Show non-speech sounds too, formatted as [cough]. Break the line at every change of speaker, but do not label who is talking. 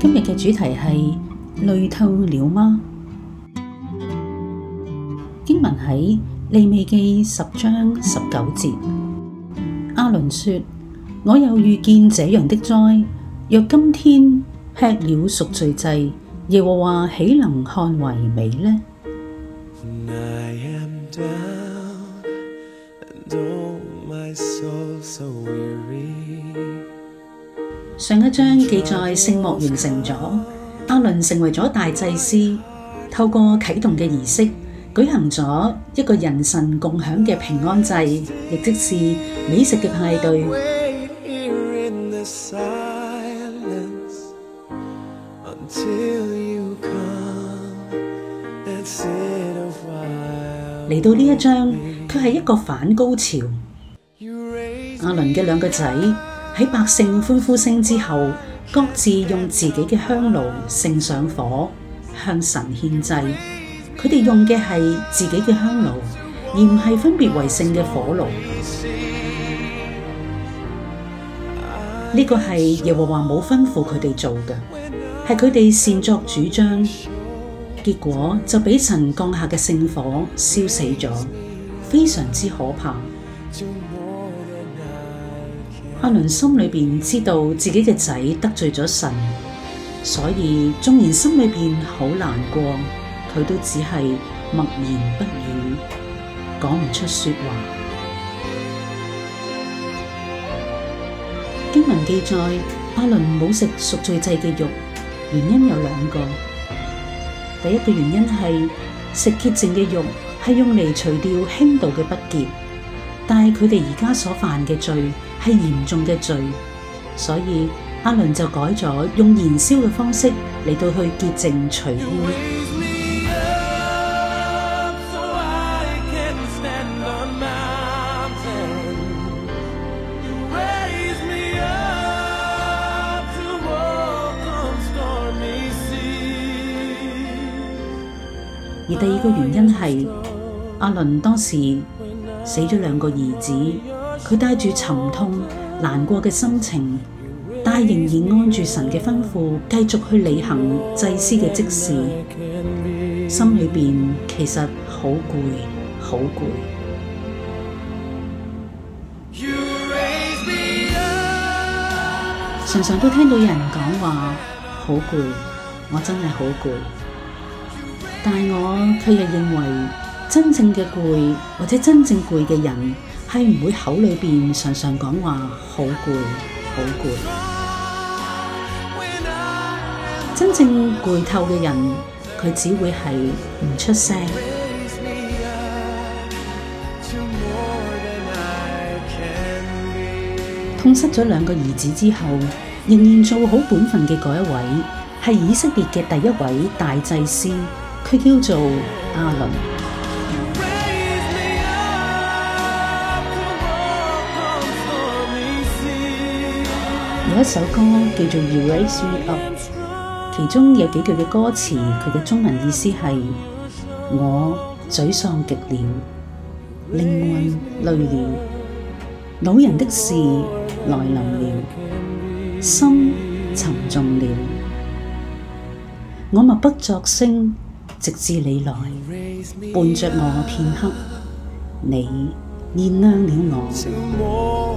今日嘅主題係累透了嗎？經文喺利未記十章十九節。阿倫說：我又遇見這樣的災，若今天吃了贖罪祭，耶和華豈能看為美呢？I am down, and all my soul so weary. 上一章記載聖幕完成咗，阿倫成為咗大祭司，透過啟動嘅儀式舉行咗一個人神共享嘅平安祭，亦即是美食嘅派對。嚟到呢一章，佢係一個反高潮。阿倫嘅兩個仔。喺百姓歡呼聲之後，各自用自己嘅香爐盛上火，向神獻祭。佢哋用嘅係自己嘅香爐，而唔係分別為聖嘅火爐。呢個係耶和華冇吩咐佢哋做嘅，係佢哋擅作主張，結果就俾神降下嘅聖火燒死咗，非常之可怕。阿倫心裏邊知道自己嘅仔得罪咗神，所以縱然心裏邊好難過，佢都只係默然不語，講唔出說話。經文記載，阿倫冇食贖罪祭嘅肉，原因有兩個。第一個原因係食潔淨嘅肉係用嚟除掉輕度嘅不潔。但係佢哋而家所犯嘅罪係嚴重嘅罪，所以阿倫就改咗用燃燒嘅方式嚟到去潔淨除污。而第二個原因係阿倫當時。死咗兩個兒子，佢帶住沉痛難過嘅心情，但仍然按住神嘅吩咐，繼續去履行祭司嘅職事，心裏面其實好攰，好攰。Earth, 常常都聽到有人講話好攰，我真係好攰，但我卻亦認為。真正嘅攰，或者真正攰嘅人，係唔會口裏邊常常講話好攰，好攰。真正攰透嘅人，佢只會係唔出聲。 [noise] 痛失咗兩個兒子之後，仍然做好本分嘅嗰一位，係以色列嘅第一位大祭司，佢叫做阿倫。有一首歌叫做《You Raise Me Up》，其中有幾句嘅歌詞，佢嘅中文意思係：我沮喪極了，靈魂累了，老人的事來臨了，心沉重了，我默不作聲，直至你來，伴着我片刻，你照亮了我。